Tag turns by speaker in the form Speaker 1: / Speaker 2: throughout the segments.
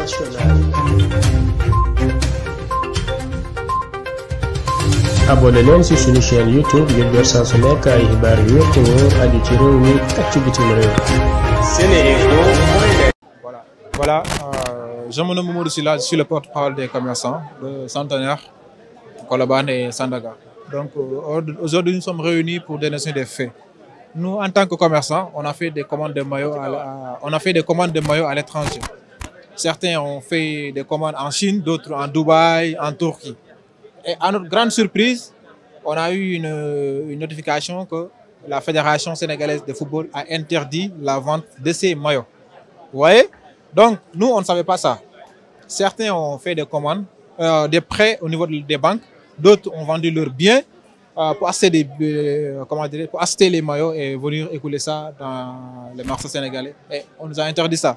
Speaker 1: internationale. abonné leen
Speaker 2: ci suñu chaîne youtube ngir jot saa su nekk ay xibaar yu wér te wóor aju ci réew mi ak ci bitim réew. voilà voilà euh, je me nomme Mamadou Sylla je suis le porte-parole des commerçants de Centenaire Colobane et Sandaga. donc euh, aujourd'hui nous sommes réunis pour dénoncer des faits. Nous, en tant que commerçants, on a fait des commandes de maillots à, on a fait des commandes de maillots à l'étranger. Certains ont fait des commandes en Chine, d'autres en Dubaï, en Turquie. Et à notre grande surprise, on a eu une, une notification que la Fédération sénégalaise de football a interdit la vente de ces maillots. Vous voyez Donc, nous, on ne savait pas ça. Certains ont fait des commandes, euh, des prêts au niveau des banques. D'autres ont vendu leurs biens euh, pour, acheter des, euh, comment dire, pour acheter les maillots et venir écouler ça dans les marchés sénégalais. Et on nous a interdit ça.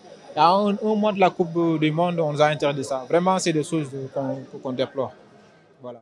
Speaker 2: à un, un, mois de la Coupe du Monde, on nous a interdit ça. Vraiment, c'est des choses qu'on qu déplore. Voilà.